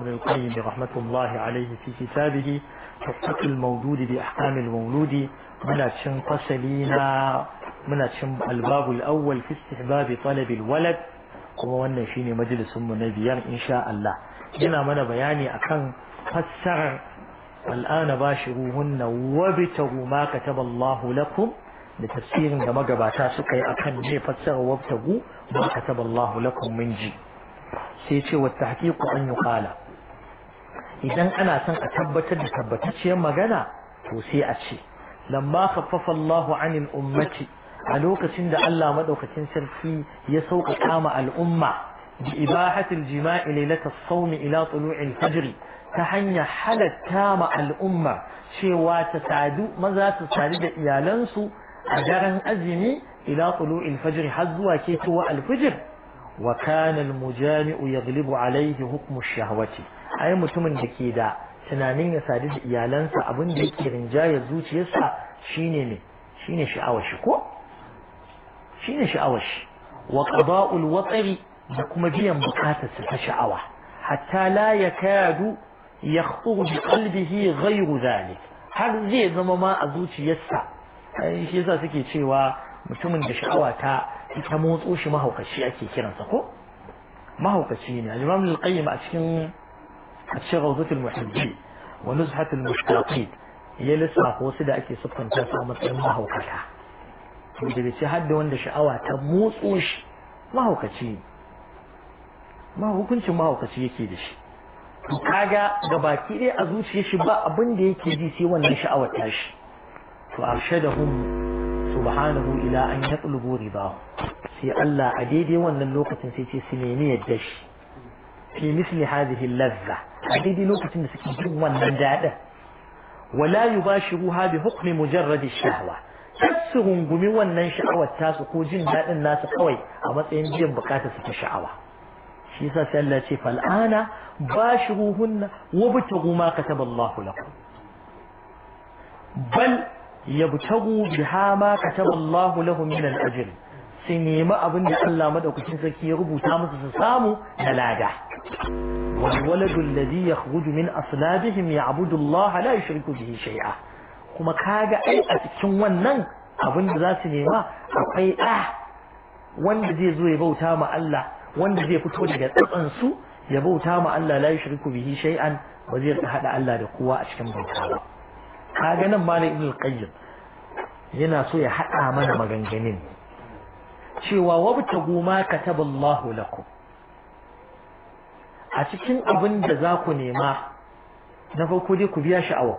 ابن القيم رحمة الله عليه في كتابه حقوق الموجود بأحكام المولود من تشنقسلينا من تشن الباب الأول في استحباب طلب الولد أن شين مجلس النبي إن شاء الله هنا من بياني أكان فسر الآن باشروهن وابتغوا ما كتب الله لكم لتفسير عندما قبعتا سكي أكن جي فسر وابتغوا ما كتب الله لكم من جي سيتي والتحقيق أن يقال idan ana son a tabbatar da tabbatacciyar magana to sai a ce lamma khaffafa Allah anil ummati a lokacin da Allah madaukakin sarki ya sauƙaƙa ma al'umma bi ibahatil jima'i lailatas sawmi ila tulu'il fajr ta hanya halatta ma al'umma cewa ta sadu maza su sadu da iyalansu a daren azumi ila tulu'il fajr har zuwa ketowa al-fajr wa kana al-mujami'u yaghlibu alayhi hukmu ash-shahwati ai mutumin da ke da tunanin ya sadu da iyalansa abin da yake rinjaya zuciyarsa shine ne shine sha'awar shi ko shine sha'awar shi wa qada'ul watri da kuma biyan bukatarsa ta sha'awa hatta la yakadu yakhṭu bi qalbihi ghayru zalik har zai zama ma a zuciyarsa ai shi yasa suke cewa mutumin da sha'awa ta ta motso shi mahaukaci ake kiransa ko mahaukaci ne al-imam al-qayyim a cikin شغفة المحبين ونزحة المشتاقين هي لسرعة وصدا اكي صفا تاسع مطلع ما هو كلا وده بيسي حد وانده شعوة تموس وش ما هو كتين ما هو كنش ما هو كتين يكيدش كاغا غباكي لي أزوس يشبا أبن دي كيدي سيوا نشاء وتاش فأرشدهم سبحانه إلى أن يطلبوا رضاه سي الله عديدي وان اللوقة سيتي سنيني الدش في مثل هذه اللذة هذه دي لوكة جوا مندادة ولا يباشرها بحكم مجرد الشهوة تسهم قموا ننشعوا التاس وقوجين باء الناس قوي أما سينجين بقاتة ستشعوا شيسا سألتي فالآن باشروهن وبتغوا ما كتب الله لكم بل يبتغوا بها ما كتب الله لهم من الأجل su nemi abin da Allah madaukakin sarki ya rubuta musu su samu da lada والولد الذي يخرج من أصلابهم يعبد الله لا يشرك به شيئا kuma kaga ai a cikin wannan abin da za nema akwai ɗa wanda zai zo ya bauta ma Allah wanda zai fito daga tsatsan su ya bauta ma Allah la yushriku bihi shay'an ba zai hada Allah da kowa a cikin bauta ba kaga nan malam ibn qayyim yana so ya hada mana maganganin cewa goma ka kataballahu lakum a cikin abin da za ku nema na farko dai ku biya sha'awa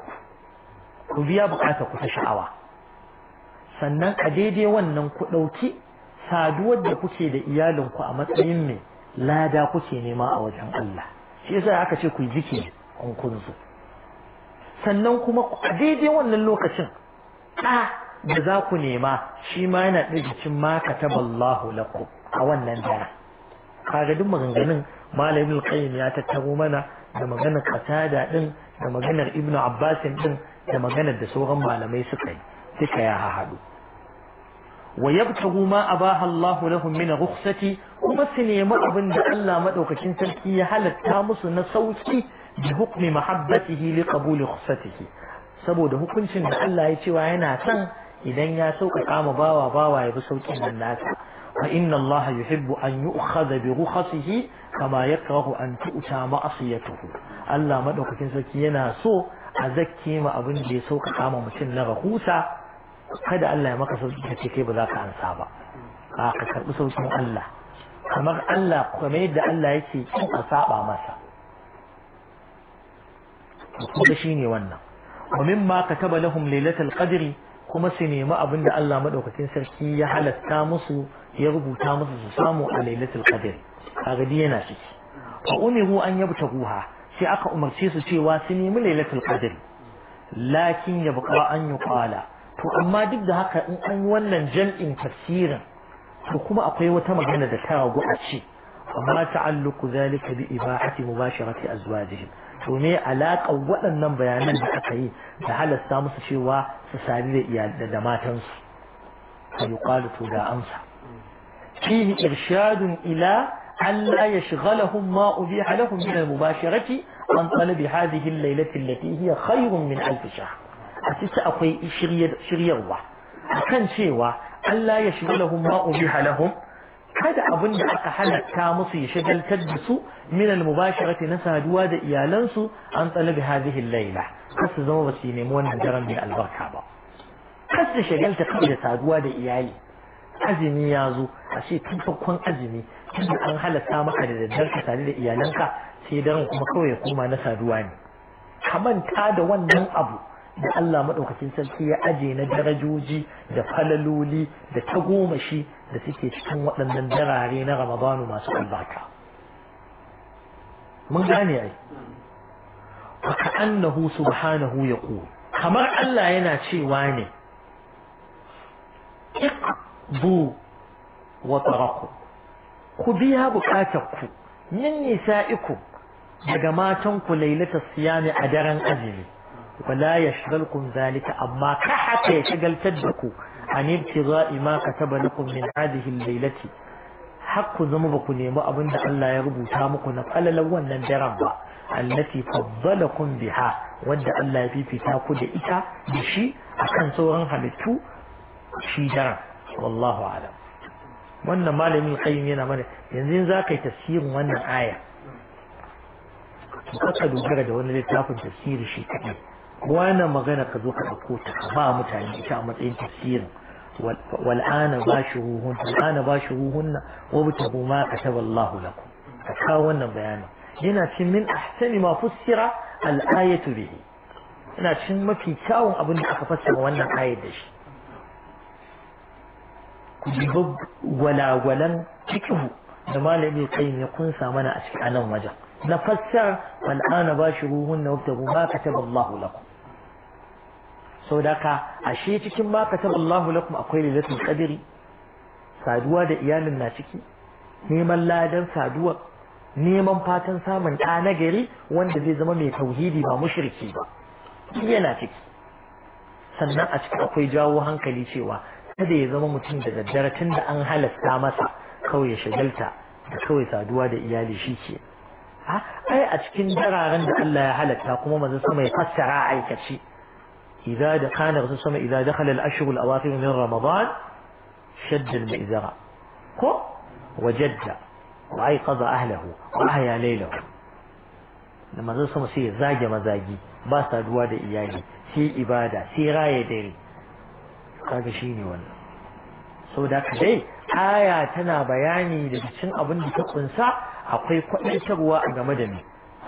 ku biya bukata ku ta sha'awa sannan a daidai wannan ku ɗauki saduwar da kuke da iyalinku a matsayin mai lada kuke nema a wajen Allah shi yasa aka ce ku jiki kun kunzu sannan kuma a daidai wannan lokacin ɗa da za ku nema shi ma yana ɗaya cin ma kataballahu lakum a wannan dara kaga duk maganganun malamin qayyim ya tattaro mana da maganar qatada ɗin, da maganar ibnu abbas ɗin, da maganar da sauran malamai suka yi duka ya haɗu wa yabtagu ma abaha Allahu lahum min rukhsati kuma su nemi abin da Allah madaukakin sarki ya halatta musu na sauki bi hukmi mahabbatihi li qabuli rukhsatihi saboda hukuncin da Allah ya cewa yana son idan ya sauƙaƙa ma bawa bawa ya bi sauƙin nan nasa wa inna Allah yuhibbu an yu'khadha bi rukhasihi kama yakrahu an tu'ta ma'asiyatuhu Allah madaukakin sarki yana so a zakke ma abin da ya sauƙaƙa ma mutum na rahusa kada Allah ya maka sauƙi kace kai ba za ka ansa ba ka ka karɓi sauƙin Allah kamar Allah kamar yadda Allah yake kin ka saba masa kuma shine wannan ومما كتب لهم ليلة القدر kuma su nemi abin da Allah madaukakin sarki ya halatta musu ya rubuta musu su samu a lailatul qadr kaga dai yana ciki fa umiru an yabta guha sai aka umarce su cewa su nemi lailatul qadr lakin ya yabqa an yi kwala to amma duk da haka in an yi wannan jam'in tafsirin to kuma akwai wata magana da ta ragu a ce amma ta'alluqu zalika bi ibahati mubasharati azwajihim to me alaƙar waɗannan bayanan da aka yi da halasta musu cewa su sami da da matan su ka yi yuqalu to da amsa fihi irshadun ila alla yashghalahum ma ubi lahum min al-mubasharati an talabi hadhihi al-laylati allati hiya khayrun min alf shahr a cikin akwai shiryarwa akan cewa Allah ya shiga lahum ma ubi lahum kada abin da aka halatta musu ya shagaltar da su min al-mubasharati na saduwa da iyalansu an talabi hadhihi al-laila kasu zama ba su nemi wannan daren mai albarka ba kasu shagalta kai da saduwa da iyali azumi ya zo a ce tun farkon azumi tun an halatta maka da daddar ka tare da iyalanka sai daren kuma kawai ya koma na saduwa ne kamanta da wannan abu da Allah madaukakin sarki ya aje na darajoji da falaloli da tagomashi da suke cikin waɗannan darare na ramadanu masu albarka mun gane ai fa annahu subhanahu yaqul kamar Allah yana cewa ne iqbu wa taraku ku biya bukatarku min nisa'ikum daga matanku lailatar siyami a daren azumi ولا يشغلكم ذلك أما كحتى يشغل تدكو عن ابتغاء ما كتب لكم من هذه الليلة حق زمبكم نيما أبن الله يربو تامكم نفعل أن دربا التي فضلكم بها ودى الله يفي تاكو دئتا بشي أكن صورا حلتو شي درب والله أعلم wannan malamin qayyim yana mana yanzu za ka yi tafsirin آية وقد to ka dogara da wani littafin wannan magana ka zo ka ɗauko ta ka ba mutane ita a matsayin tafsirin wal'ana ba shi huhun wal'ana ba shi huhun na wabuta ma ka taba Allah lakum ka kawo wannan bayanin yana cin min ahsani ma fussira al'ayatu bihi yana cin mafi kyawun abin da aka fassara wannan ayar da shi ku dubi gwalagwalan cikihu da malami kai ya kunsa mana a cikin anan wajen na fassara wal'ana ba shi ruhun na wata ma ka taba Allah lakum saudaka ashe cikin ma allahu lakum akwai lilatul qadri saduwa da iyalin na ciki neman ladan saduwa neman fatan samun da na gari wanda zai zama mai tauhidi ba mushriki ba yana ciki sannan a cikin akwai jawo hankali cewa kada ya zama mutum da daddare tun da an halasta masa kawai ya shagalta da kawai saduwa da iyali shi ke ai a cikin dararen da Allah ya halatta kuma manzon sama ya fassara aikace إذا كان غصصنا إذا دخل الأشهر الأواخر من رمضان شد المئزرة وجد وأيقظ أهله وأحيا ليله لما غصصنا سي زاجة مزاجي باس أدواد إياجي سي إبادة سي راية ديري قال شيني ولا سو داك دي آية تنا بياني لبسن أبن بتقنسا أقوي كوئي تقوى أغمدني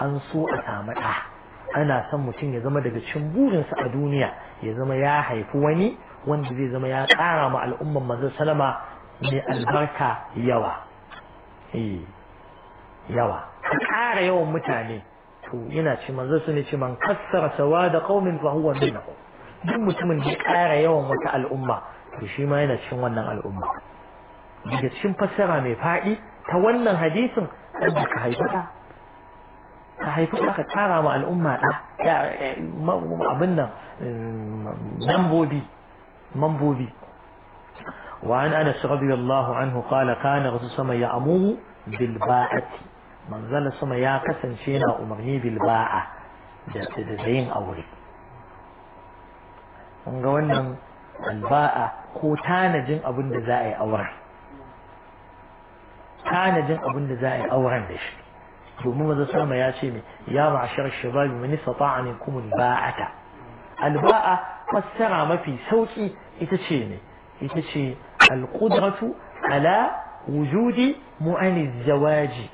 أنصو أسامة آه. ana son mutum ya zama daga cikin burinsa a duniya ya zama ya haifi wani wanda zai zama ya ƙara ma al'umman manzon salama mai albarka yawa eh, yawa ka ƙara yawan mutane to yana ce manzon su ne ce man kassara sawa da qaumin fa huwa minhum duk mutumin da ya ƙara yawan wata al'umma to shi ma yana cikin wannan al'umma daga cikin fassara mai faɗi ta wannan hadisin an ka haifata. ka haifi ka kara ma al'umma da eh, abin nan eh, mambobi wa an ana su rabi Allah anhu kala kana wasu sama ya amuru bilba'ati manzala sama ya kasance na umarni bilba'a da yin aure kun ga wannan alba'a ko tanajin abin da za a yi auren tanajin za a yi auren da shi domin manzo sama ya ce me ya ma'ashar shabab man istata'a minkum ba'ata alba'a fassara mafi sauƙi ita ce ne ita ce alƙudratu ala wujudi mu'ani zawaji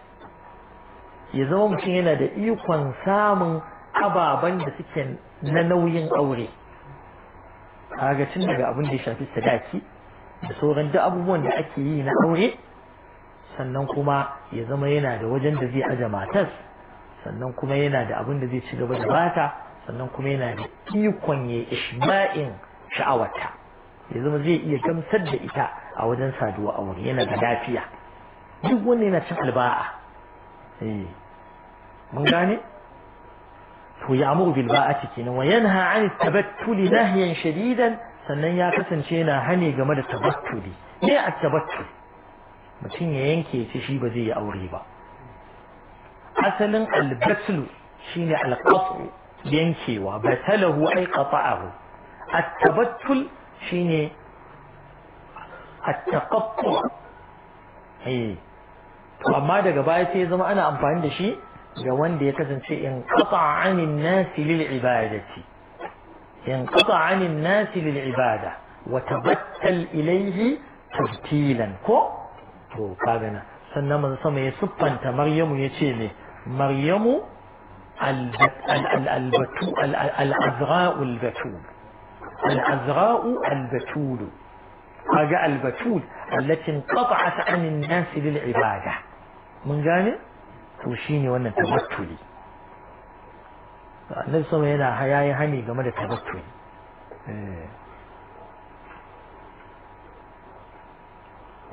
ya zama mutum yana da ikon samun ababen da suke na nauyin aure A tun daga abin da ya shafi sadaki da sauran duk abubuwan da ake yi na aure sannan kuma ya zama yana da wajen da zai aje matas sannan kuma yana da abin da zai ci gaba da bata sannan kuma yana da ikon ya isma'in sha'awarta ya zama zai iya gamsar da ita a wajen saduwa a wuri yana da lafiya duk wanda yana cin alba'a mun gane to ya amuru bil ba'ati kenan wa yanha an tabattuli nahyan shadidan sannan ya kasance yana hane game da tabattuli ne a tabattuli mutum ya yanke ce shi ba zai yi aure ba asalin albatlu shine alqat'u yankewa batalahu ay qata'ahu at-tabattul shine at-taqattu eh to amma daga baya sai zama ana amfani da shi ga wanda ya kasance in qata'a 'anil nasi lil ibadati in qata'a 'anil nasi lil ibada wa tabattal ilayhi tabtilan ko to kagana sannan manzo sama ya siffanta maryamu ya ce ne maryamu al al-batul al-azra'u al-batul al-batul allati qata'at 'an an lil ibada mun gane to shine wannan tabattuli annabi sama yana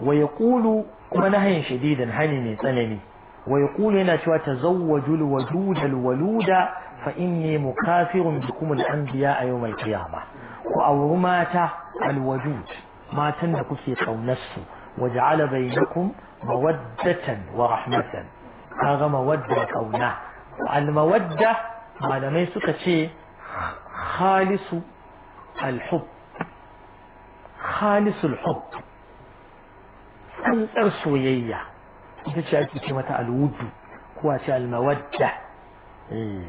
ويقول كما نهيا شديدا هنني سنني ويقول هنا شوى تزوجوا الوجود الولود فإني مكافر بكم الأنبياء يوم القيامة وأو الوجود ما تنك في قونس وجعل بينكم مودة ورحمة هذا مودة قونا المودة ما لم يسك شيء خالص الحب خالص الحب tsantsar soyayya ita ce ake ce mata alwudu ko a ce almawadda eh.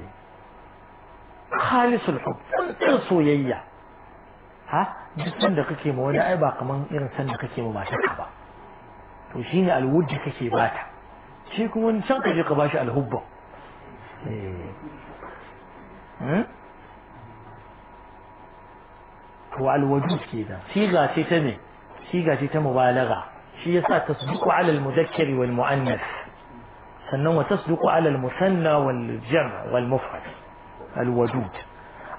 khalisul hub tsantsar soyayya ha duk sanda kake ma wani ai ba kaman irin sanda kake ma matarka ba to shine alwudu kake bata shi kuma wani can kaje ka bashi alhubba eh. hmm? to alwajud kenan siga ce ta ne siga ce ta mubalaga شيء تصدق على المذكر والمؤنث سنوم تصدق على المثنى والجمع والمفرد الودود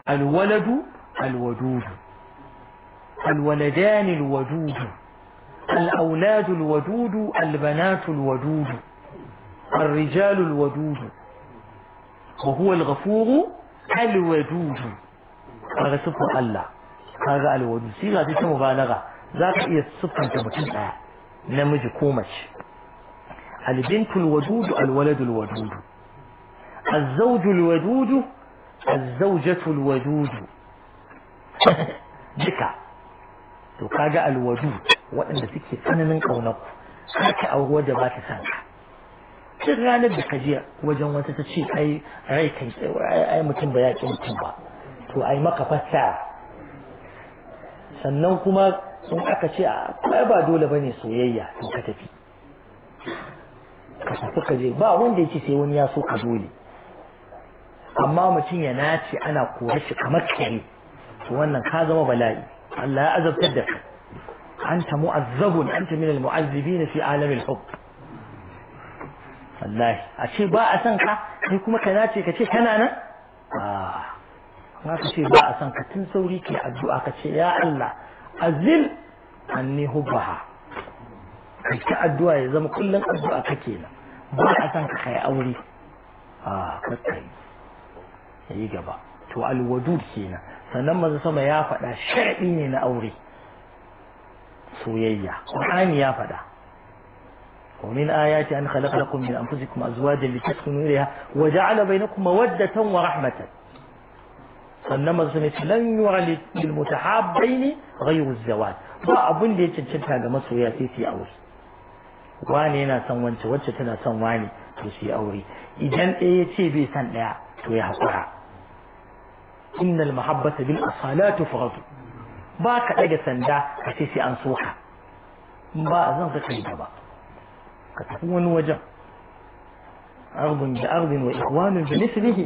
الولد الودود الولدان الودود الأولاد الودود البنات الودود الرجال الودود وهو الغفور الودود هذا صفة الله هذا الودود سيغة تسمى مبالغة ذات هي إيه صفة متنقى namiji ko mace albintul wadudu alwaladul wadudu azzawjul wadudu azzawjatul wadudu duka to kaga alwadu wadanda suke tsananin ƙaunarku saki a wadda ba ta san ka ranar da kaje wajen wata tace ai rai kan ai mutum ba ya kin mutum ba to ai maka fassara sannan kuma sun aka ce a ba dole bane soyayya to ka tafi ka tafi ka je ba wanda yake sai wani ya so ka dole amma mutun ya nace ana kore shi kamar kare to wannan ka zama bala'i Allah ya azabtar da ka anta mu'azzabun anta min al-mu'azzibin fi alam al hub wallahi a ce ba a san ka sai kuma ka nace ka ce kana nan ah ka ce ba a san ka tun sauri ke addu'a ka ce ya Allah azil anni hubbaha kai ta addu'a ya zama kullum addu'a kake na ba a san ka kai aure a kakkai yi gaba to alwadud kenan sannan manzo sama ya faɗa sharadi ne na aure soyayya qur'ani ya faɗa ومن آيات أن خلق لكم من أنفسكم أزواجا لتسكنوا إليها وجعل بينكم مودة ورحمة sannan sun lan yuwali lil mutahabbaini ghayru zawal ba abin da ya cancanta ga masoya sai su aure wani yana son wance wacce tana son wani to su aure idan ɗaya ya ce bai san ɗaya to ya haƙura innal mahabbata bil asalatu fardu ba ka ɗaga sanda ka ce sai an soka ba a zan ka kai gaba ka tafi wani wajen أرض بأرض وإخوان بمثله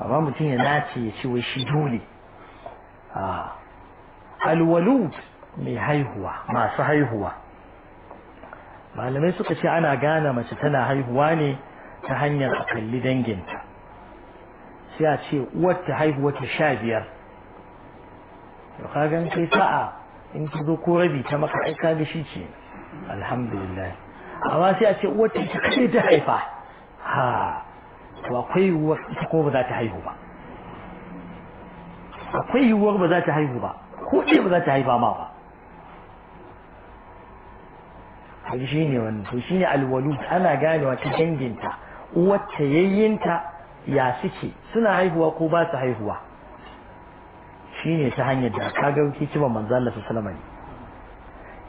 amma mutum ya nace ya ci wai shi dole a alwalud mai haihuwa masu haihuwa malamai suka ce ana gane mace tana haihuwa ne ta hanyar a kalli danginta sai a ce ta haihuwa ta sha biyar kagan kai sa'a in ki zo ko rabi ta maka aika da shi ce alhamdulillah amma sai a ce uwarta ta kai ta haifa ha to akwai yiwuwar ita ko ba za ta haihu ba akwai yiwuwar ba za ta haihu ba ko ce ba za ta haifa ma ba hali shi ne wannan to shi ne alwalu ana ganewa ta danginta wacce yayyinta ya suke suna haihuwa ko ba su haihuwa shi ne ta hanyar da ka ga kiman manzo Allah sallallahu salamani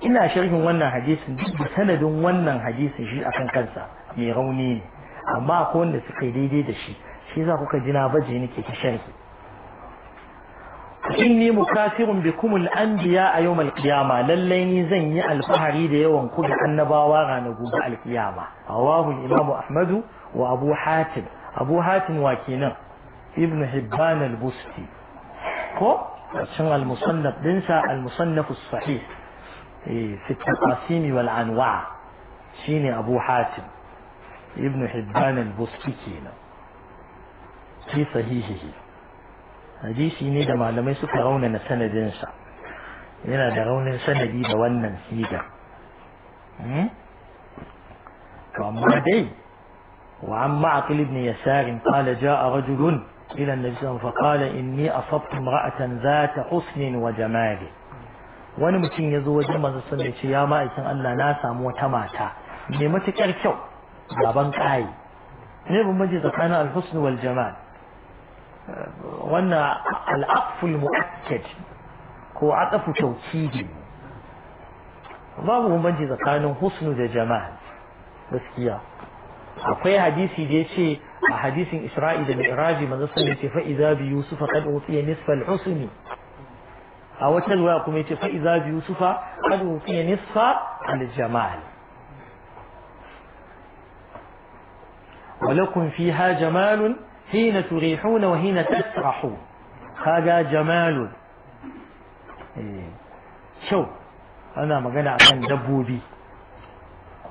ina sharhin wannan hadisin duk da sanadin wannan hadisin shi akan kansa mai rauni ne amma akwai wanda suka yi daidai da shi shi za kuka ji na baje nake ta sharhi inni mukasirun bikum al-anbiya a yawm al-qiyama lallai ni zan yi alfahari da yawan ku da annabawa ranar gobe al-qiyama rawahu imam ahmadu wa abu hatim abu hatim wa kenan ibn hibban al-busti ko shin al-musannaf din sa al-musannaf as-sahih fi at-taqasim wal anwa shine abu hatim ابن حبان البوسكي كينا في صحيحه حديثي ني ده معلمي سوف يرون ان سندين شا ينا ده رون ان سندي ده وانا سيدا فأما دي وعما عقل ابن يسار قال جاء رجل إلى النبي صلى الله عليه وسلم فقال إني أصبت امرأة ذات حسن وجمال وانا متين يزو وجمع صلى الله عليه وسلم يا ما إتن أن ناسا موتماتا نمتك الكو baban ƙayi ne bambanci tsakanin alhusn wal jamal wannan al'aqful mu'akkad ko aqafu tawkidi babu bambanci tsakanin husnu da jamal gaskiya akwai hadisi da yace a hadisin Isra'i da Mi'raji manzo sallallahu alaihi wasallam yace fa idza bi yusufa qad utiya nisfa al-husni a wata ruwa kuma yace fa idza bi yusufa qad utiya nisfa al-jamal ولكم فيها جمال حين تريحون وحين تسرحوا هذا جمال إيه. شو أنا ما مغنى عن دبوبي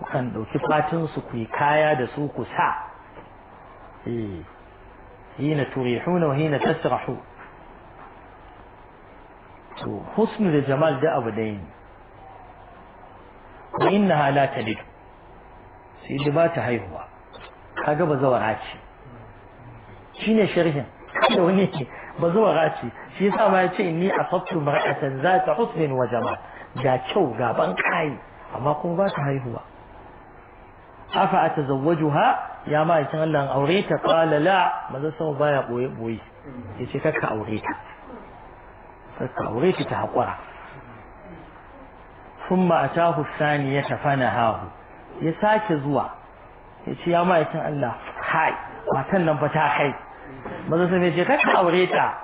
وكان لو تفاتن سكوي كايا دسوك سا إيه. حين تريحون وحين تسرحوا حسن الجمال ده أبدين وإنها لا تلد سيدي سيدباتها يهوى kaga ba raci ce ne sharhin da wani ba zuwa ce shi yasa ma yace inni asabtu mar'atan zata husnin wa jama'a ga kyau ga ban kai amma kuma ba ta haihuwa afa atazawwajuha ya ma yace Allah aure ta qala la sama baya boye boye yace kakka aure ta kakka aure ta hakura ثم أتاه الثانية فنهاه ya sake zuwa ya ce ya ma'aikin Allah hai matan nan ba ta kai maza sun ce ka aure ta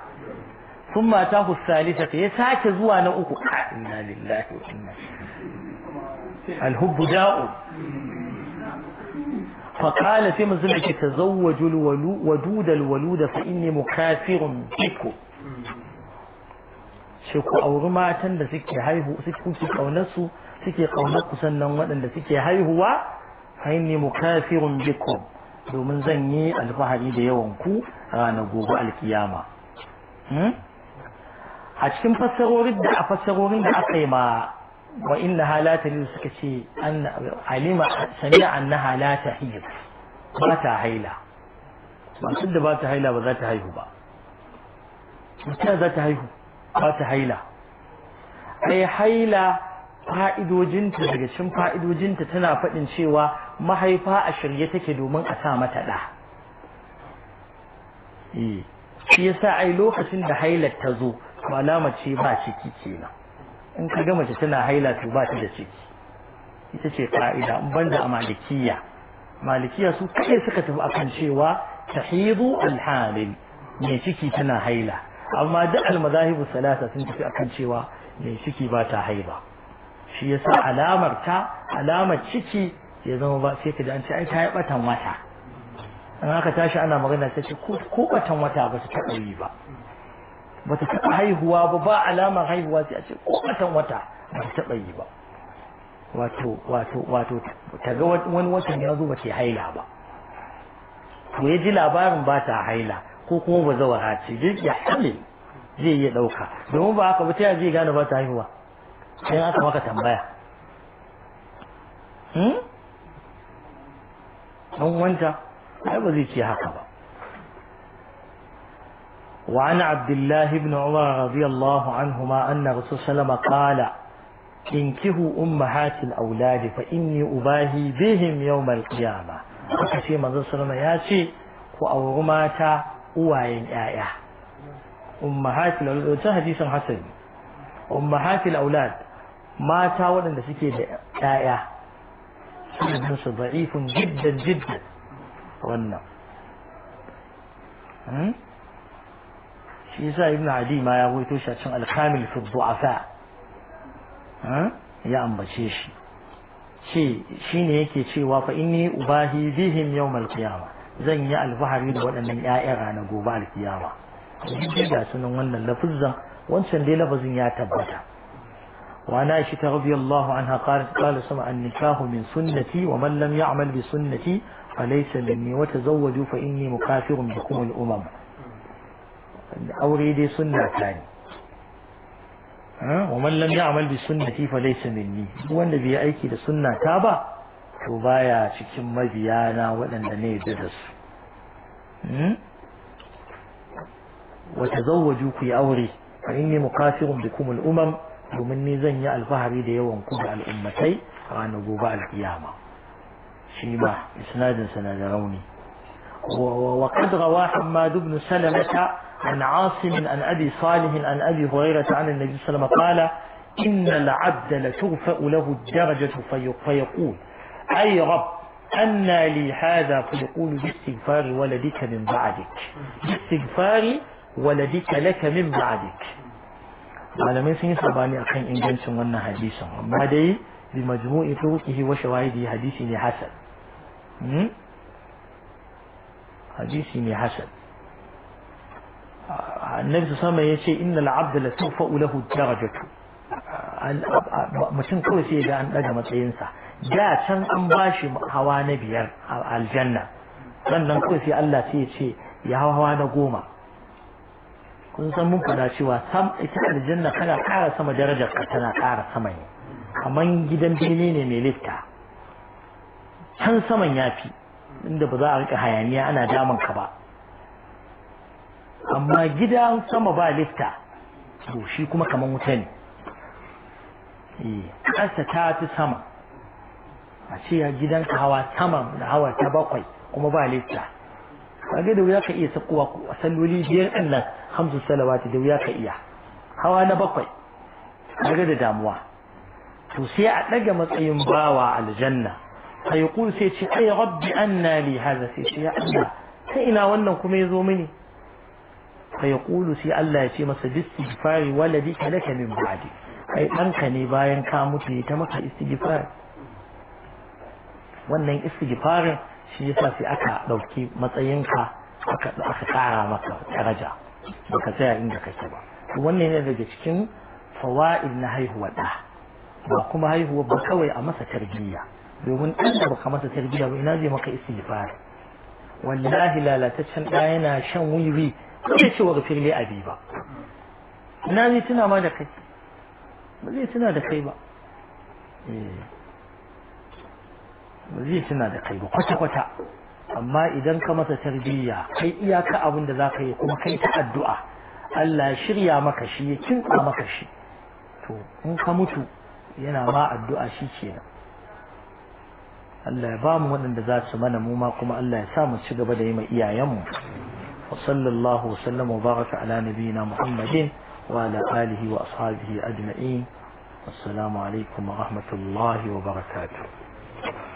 sun mata ku ta ya sake zuwa na uku inna lillahi wa inna alhubbu da'u فقال في منزلك تزوجوا الودود fa inni مكافر biku shi ku auri matan da suke haihu suke kuke kaunar su suke kaunar ku sannan waɗanda suke haihuwa fa inni mukafirun bikum domin zan yi alfahari da yawan ku ranar gobe alkiyama hmm? a cikin fassarorin da a fassarorin da aka yi ma wa inna halata ne suka ce an alima sami'a annaha la tahir ba ta haila masu da ba ta haila ba za ta haihu ba mutum za ta haihu ba ta haila ai haila fa'idojinta daga cikin fa'idojinta tana faɗin cewa mahaifa a shirye take domin a sa mata ɗa eh, shi yasa ai lokacin da hailar ta zo ma'ana mace ba ciki kenan in ka ga mace tana haila to ba ta da ciki ita ce fa'ida in banda a malikiya malikiya su kai suka tafi akan cewa ta hibu alhamil mai ciki tana haila amma duk almazahibu salasa sun tafi akan cewa mai ciki ba ta haiba shi sa alamar ta alamar ciki ya zama ba sai ka ji an ce ai ta yi batan wata in aka tashi ana magana sai ce ko batan wata ba su taɓa yi ba ba ta taɓa haihuwa ba ba alamar haihuwa sai a ce ko batan wata ba su taɓa yi ba wato wato wato ta ga wani watan ya zo ba ta haila ba to ya ji labarin ba ta haila ko kuma ba ha ce duk ya hali zai iya ɗauka domin ba haka ba ta zai gane ba ta haihuwa sai aka maka tambaya hmm? dan وعن عبد الله بن عمر رضي الله عنهما أن الرسول صلى الله عليه وسلم قال انكهوا أمهات الأولاد فإني أباهي بهم يوم القيامة وكثير من صلى الله عليه وسلم وأورماتا أوائن آية أمهات الأولاد وكان حديث حسن أمهات الأولاد ما تاولن تسكي آية محمد بن ضعيف جدا جدا ظن شي زي ابن عدي ما يغوي توشا شن الكامل في الضعفاء ها يا ام بشيش شي شي ني يكي تشوا فاني اباهي بهم يوم القيامه زن يا البحري ده ودان يا ايرا نا غوبال القيامه da sunan wannan lafuzan wancan dai lafuzin ya tabbata وعن عائشة رضي الله عنها قالت قال سمع النكاح من سنتي ومن لم يعمل بسنتي فليس مني وتزوجوا فإني مكافر بكم الأمم أريد سنة ثاني ومن لم يعمل بسنتي فليس مني الذي يأيك لسنة تابع تبايا شكم ولن لني درس وتزوجوا في أوري فإني مكافر بكم الأمم domin ni zan yi alfahari da yawan ku da al'ummatai ranar gobe alkiyama shi ba isnadin sa da rauni وقد روى حماد بن سلمة عن عاصم عن أبي صالح عن أبي هريرة عن النبي صلى الله عليه وسلم قال إن العبد لتغفأ له الدرجة فيقول أي رب أنى لي هذا فيقول باستغفار ولدك من بعدك باستغفار ولدك لك من بعدك malamai sun yi sabani akan ingancin wannan hadisin amma dai bi majmu'i turuqihi wa shawahidi hadisi ne hasan hmm? hadisi ne hasan annabi sama ya ce innal abda la tufa lahu darajatu mutum kawai sai ga an daga matsayinsa da can an ba shi hawa na biyar aljanna sannan kawai sai Allah sai ya ce ya hawa na goma kun san mun fada cewa sam ita aljanna kana kara sama darajar ka tana kara sama ne kaman gidan bene ne mai lifta can saman yafi inda ba za a rika hayaniya ana damun ka ba amma gidan sama ba lifta to shi kuma kaman wuta ne kasa eh, ta fi sama a ce gidan hawa sama da hawa ta bakwai kuma ba lifta kage da wuya ka iya sakuwa salloli biyar din nan hamsu salawati da wuya ka iya hawa na bakwai kage da damuwa to sai a daga matsayin bawa aljanna sai yaqul sai ce ay rabbi anna li hada sai ce ya Allah sai ina wannan kuma yazo mini sai yaqulu sai Allah ya ce masa bistighfari waladi kalaka min ba'di kai danka ne bayan ka mutu ta maka istighfar wannan istighfarin shi yasa sai aka ɗauki matsayinka aka aka ƙara maka daraja baka tsaya inda kake ba wannan ne daga cikin fawa'id na haihuwa ɗa ba kuma haihuwa ba kawai a masa tarbiyya domin ɗan da baka masa tarbiyya ba ina zai maka istighfar wallahi lalataccen ɗa yana shan wiwi zai ce wa gafir li abi ba ina zai tuna ma da kai ba zai tuna da kai ba mazi zai da kai ba kwata-kwata amma idan ka masa tarbiyya kai iyaka abin da zaka yi kuma kai ta addu'a Allah ya shirya maka shi ya kinka maka shi to in ka mutu yana ma addu'a shi kenan Allah ya ba mu waɗanda za su mana mu ma kuma Allah ya sa mu ci gaba da yi ma iyayenmu wa sallallahu wasallam wa baraka ala nabiyyina muhammadin wa ala alihi wa ashabihi ajma'in assalamu alaikum wa rahmatullahi wa barakatuh